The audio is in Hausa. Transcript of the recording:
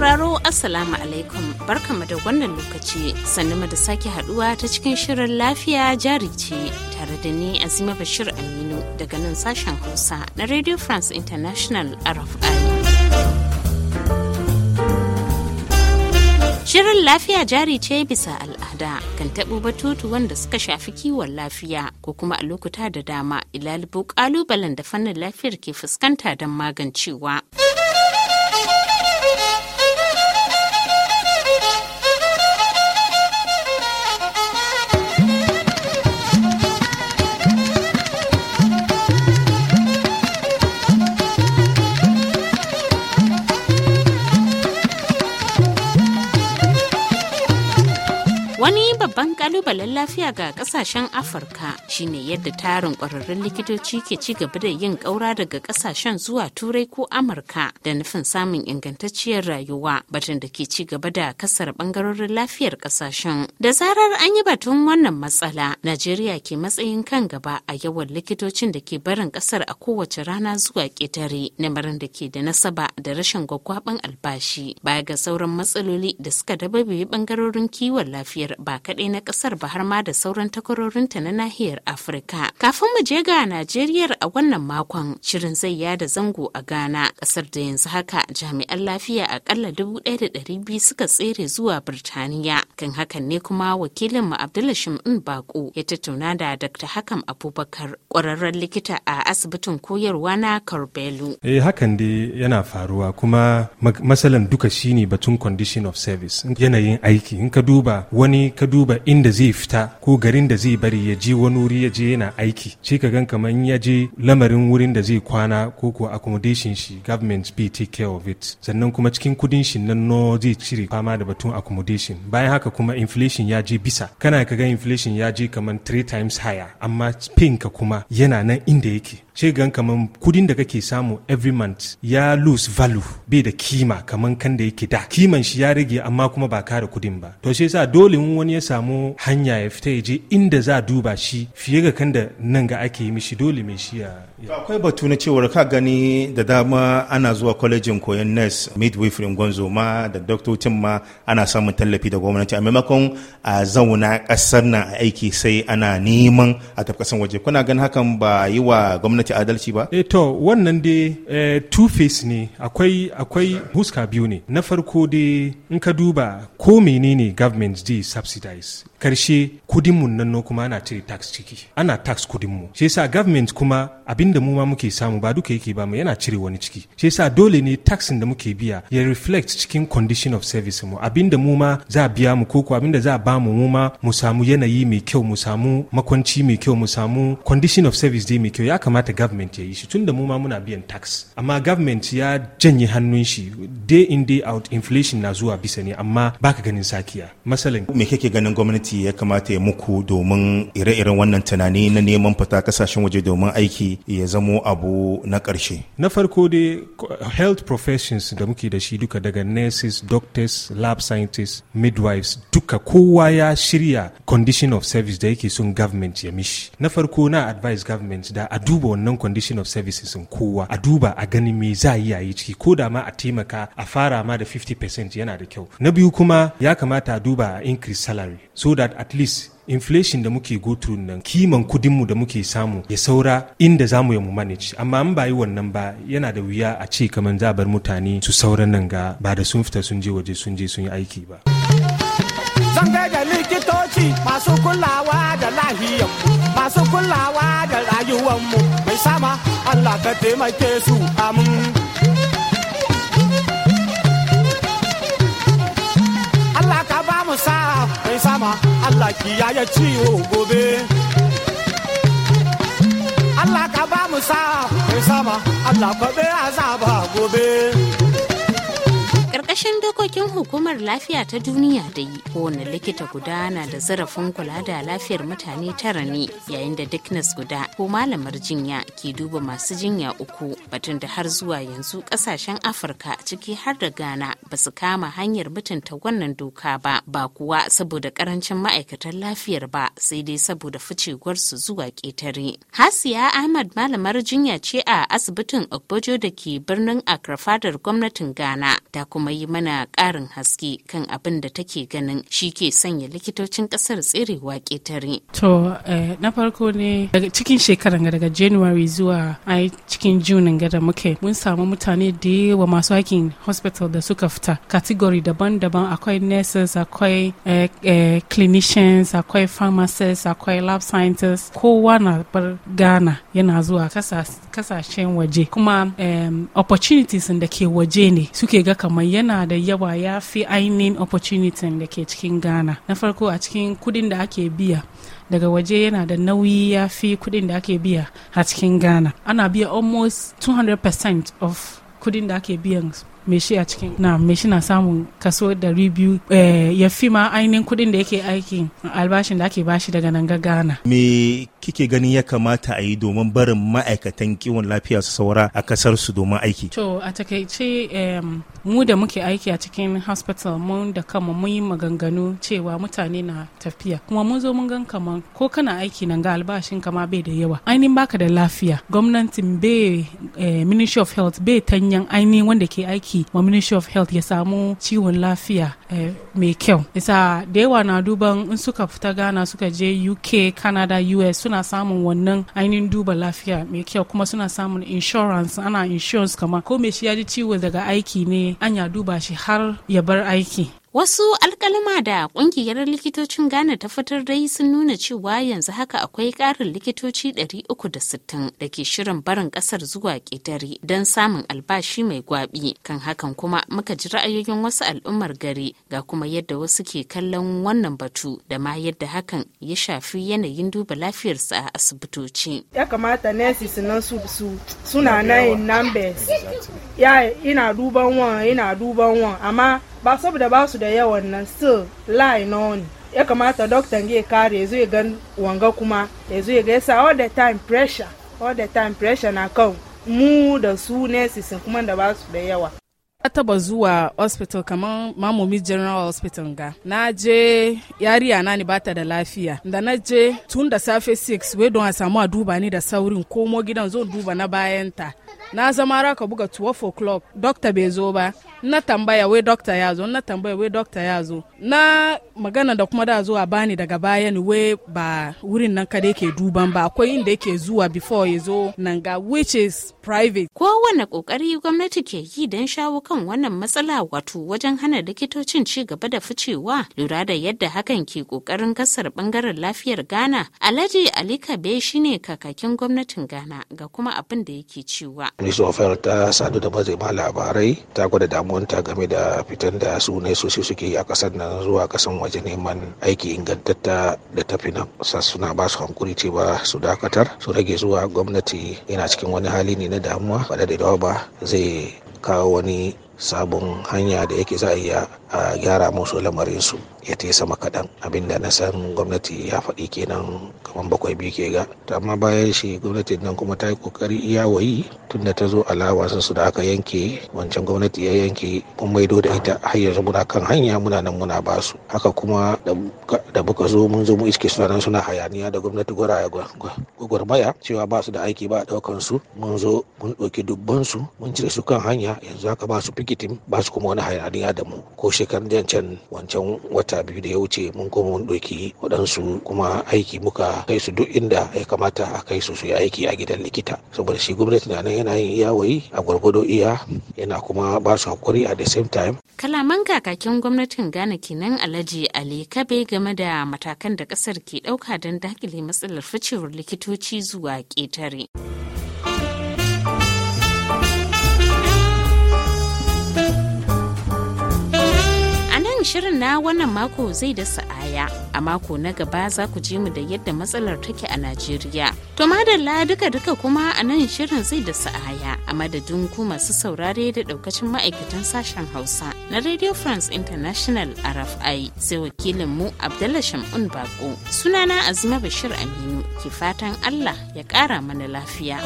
sauraro Assalamu alaikum barkamu da wannan lokaci sannu da sake haduwa ta cikin shirin lafiya jari ce tare da ni Azima Bashir Aminu daga nan sashen Hausa na Radio France International RFI. Shirin lafiya jari ce bisa al'ada kan taɓo batutu wanda suka shafi kiwon lafiya ko kuma a lokuta da dama ilalibu kalubalen da fannin lafiyar ke fuskanta don magancewa. babban kalubalen lafiya ga kasashen afirka shine yadda tarin kwararrun likitoci ke ci gaba da yin ƙaura daga kasashen zuwa turai ko amurka da nufin samun ingantacciyar rayuwa batun da ke ci gaba da kasar bangarorin lafiyar kasashen da zarar an yi batun wannan matsala najeriya ke matsayin kan gaba a yawan likitocin da ke barin kasar a kowace rana zuwa ƙetare namarin da ke da nasaba da rashin gwaggwaban albashi baya ga sauran matsaloli da suka dababe bangarorin kiwon lafiyar ba kaɗai kaɗai na ƙasar ba har ma da sauran takwarorinta na nahiyar Afirka. Kafin mu je ga Najeriya a wannan makon shirin zai yada zango a Ghana ƙasar da yanzu haka jami'an lafiya akalla dubu ɗaya da ɗari biyu suka tsere zuwa Birtaniya. Kan hakan ne kuma wakilin mu abdulashim Shim'in Bako ya tattauna da Dr. hakan Abubakar ƙwararren likita a asibitin koyarwa na Karbelu. Eh hakan dai yana faruwa kuma matsalar duka shine batun condition of service yanayin aiki in ka duba wani ka duba duba inda zai fita ko garin da zai bari ya je wani wuri ya je yana aiki shi ka gan kamar ya je lamarin wurin da zai kwana ko ko accommodation shi government be take care of it sannan kuma cikin kudin shi nan no zai cire fama da batun accommodation bayan haka kuma inflation ya je bisa kana ka ga inflation ya je kamar three times higher amma pin ka kuma yana nan inda yake ce gan kamar kudin da kake samu every month ya lose value bai da kima kamar kan da yake da kiman shi ya rage amma kuma ba kare kudin ba to shi yasa dole wani ya samu hanya ya fita ya je inda za a duba shi fiye ga kan da nan ga ake yi mishi dole mai shi ya akwai batu na cewar ka gani da dama ana zuwa kwalejin koyon nurse midwifery gwanzo ma da doktocin ma ana samun tallafi da gwamnati a maimakon a zauna kasar na aiki sai ana neman a tafkasan waje kuna ganin hakan ba yi wa gwamnati ci adalci ba eh to wannan dai eh, two face ne akwai akwai huska biyu ne na farko dai in ka duba ko menene government dai subsidize karshe mu nan kuma ana cire tax ciki ana tax kudin kudinmu shi yasa government kuma da mu ma muke samu ba duka yake ba mu yana cire wani ciki shi yasa dole ne taxin da muke biya ya reflect cikin condition of service mu da mu ma za biya mu koko da za ba mu mu ma mu samu yanayi mai kyau mu samu makwanci mai kyau mu samu condition of service dai mai kyau ya kamata government ya yi shi tunda mu ma muna biyan tax amma government ya janye hannun shi day in day out inflation na zuwa bisa ne amma baka ganin sakiya masalan me kake ganin gwamnati gwamnati ya kamata ya muku domin ire-iren wannan tunani na neman fita kasashen waje domin aiki ya zamo abu na ƙarshe? Na farko dai health professions da muke da shi duka daga nurses, doctors, lab scientists, midwives duka kowa ya shirya condition of service da yake sun government ya mishi. Na farko na advice government da a duba wannan condition of services kowa a duba a gani me za a yi ciki ko da ma a taimaka a fara ma da 50% yana da kyau. Na biyu kuma ya kamata a duba a increase salary so that at least inflation da muke go through nan kiman kudinmu da muke samu ya saura inda za mu mu manage amma an bayi wannan ba yana da wuya a ce kamar za bar mutane su sauran nan ga ba da sun fita sun je waje sun je sun yi aiki ba zan da likitoci masu kulawa da lahiyar masu kulawa da rayuwar mu mai sama Allah ka taimake su amin mu sa sama Allah ci ciwo gobe Allah ka ba mu sa mai sama Allah kwabe azaba gobe ƙarƙashin dokokin hukumar lafiya ta duniya da yi kowane likita guda na da zarafin kula da lafiyar mutane tara ne yayin da duk guda ko malamar jinya ke duba masu jinya uku batun da har zuwa yanzu ƙasashen afirka ciki har da ghana ba su kama hanyar mutunta wannan doka ba ba kuwa saboda karancin ma'aikatan lafiyar ba sai dai saboda ficewar su zuwa ketare hasiya ahmad malamar jinya ce a asibitin okbojo da ke birnin accra gwamnatin ghana Da kuma yi mana ƙarin haske kan abin da take ganin shi ke sanya likitocin ƙasar tserewa tare. To eh, na farko ne daga cikin shekaran daga January zuwa ai cikin junin gada muke mun samu mutane da yawa masu aikin hospital da suka fita category daban-daban akwai nurses akwai eh, eh, clinicians akwai pharmacists akwai lab scientists kowa na bar Ghana yana zuwa kasashen waje kuma opportunities da ke waje ne suke ga kamar yana yana da yawa ya fi ainihin opportunity da ke cikin ghana na farko a cikin kudin da ake biya daga waje yana da nauyi ya fi kudin da ake biya a cikin ghana ana biya almost 200% of kudin da ake biyan mai shi a cikin na me shi na samun kaso dari biyu eh, ya fi ma ainihin kuɗin da yake aikin albashin da ake bashi daga nan gaggana. me kike gani ya kamata a yi domin barin ma'aikatan kiwon lafiya su saura a kasar su domin aiki to a takaice mu da muke aiki a cikin hospital mun da kama mun yi maganganu cewa mutane na tafiya kuma mun zo mun gan kaman ko kana aiki nan ga albashin kama bai da yawa ainihin baka da lafiya gwamnatin bai eh, ministry of health bai tanyan ainihin wanda ke aiki ma ministry of health ya samu ciwon lafiya eh, mai kyau isa da yawa na duban in suka fita ghana suka je uk canada us suna samun wannan ainihin duba lafiya mai kyau kuma suna samun insurance ana insurance kama ko mai shi ya ji ciwo daga aiki ne an ya duba shi har ya bar aiki Wasu alkalima da kungiyar likitocin Ghana ta fitar dai sun nuna cewa yanzu haka akwai ƙarin likitoci 360 da ke shirin barin ƙasar zuwa ƙetare don samun albashi mai gwabi. Kan hakan kuma muka ji ra'ayoyin wasu al'ummar gari ga kuma yadda wasu ke kallon wannan batu da ma yadda hakan ya shafi yanayin duba lafiyarsu a asibitoci. Ya kamata nurses nan su suna nan numbers. Ya ina duban wan ina duban wan amma ba saboda ba su da yawan nan still lie na ne ya kamata doktan ya kare ya zo ya gan wanga kuma ya zo ya yasa all the time pressure all the time pressure na kan mu da su nurses kuma da ba su da yawa na zuwa hospital kamar mamomi general hospital nga na je yariya na ni bata da lafiya da na je tun da safe 6 we don a a duba ni da saurin komo gidan zo duba na bayanta na zama raka buga 12 o'clock dokta bai zo ba na tambaya we dokta ya zo na tambaya we dokta ya zo na magana da kuma da a bani daga baya ni ba wurin nan da yake duban ba akwai inda yake zuwa before ya zo nan ga which is private kowane kokari gwamnati ke yi dan shawo kan wannan matsala wato wajen hana likitocin ci gaba da ficewa lura da yadda hakan ke kokarin kasar bangaren lafiyar ghana alhaji ali kabe shine kakakin gwamnatin ghana ga kuma abin da yake cewa ofar ta sadu da ba labarai ta gwada damuwanta game da fitan da su ne su suke a kasar nan zuwa kasar waje neman aiki ingantatta da tafi nan suna ba su hankuri cewa su dakatar su rage zuwa gwamnati yana cikin wani hali ne na damuwa ba da dawa ba zai kawo wani sabon hanya da yake za a iya gyara musu lamarinsu ya ta sama kaɗan abinda na san gwamnati ya faɗi kenan kamar bakwai biyu ke ga to amma bayan shi gwamnati nan kuma ta yi kokari iya wayi tun da ta zo sun su da aka yanke wancan gwamnati ya yanke mun maido da ita har yanzu muna kan hanya muna nan muna ba su haka kuma da buka zo mun zo mu iske suna nan suna hayaniya da gwamnati gwara gwagwarmaya cewa ba su da aiki ba a ɗaukan su mun zo mun ɗauki dubban su mun cire su kan hanya yanzu haka ba su fikitin ba su kuma wani hayaniya da mu ko shekaran can wancan wata wata biyu da ya wuce mun koma mun ɗauki waɗansu kuma aiki muka kai su duk inda ya kamata a kai su su yi aiki a gidan likita saboda shi gwamnati na nan yana yin iyawayi a gwargwado iya yana kuma ba su hakuri a the same time. Kalaman kakakin gwamnatin Ghana kenan Alhaji Ali Kabe game da matakan da kasar ke ɗauka don dakile matsalar ficewar likitoci zuwa ƙetare. shirin na wannan mako zai da sa'aya a mako na gaba za ku ji mu da yadda matsalar take a najeriya to madalla duka duka kuma a nan shirin zai da sa'aya a madadin ku masu saurare da daukacin ma'aikatan sashen hausa na radio france international rfi sai wakilin mu abdallah shamun bako sunana azuma bashir aminu ke fatan allah ya kara mana lafiya.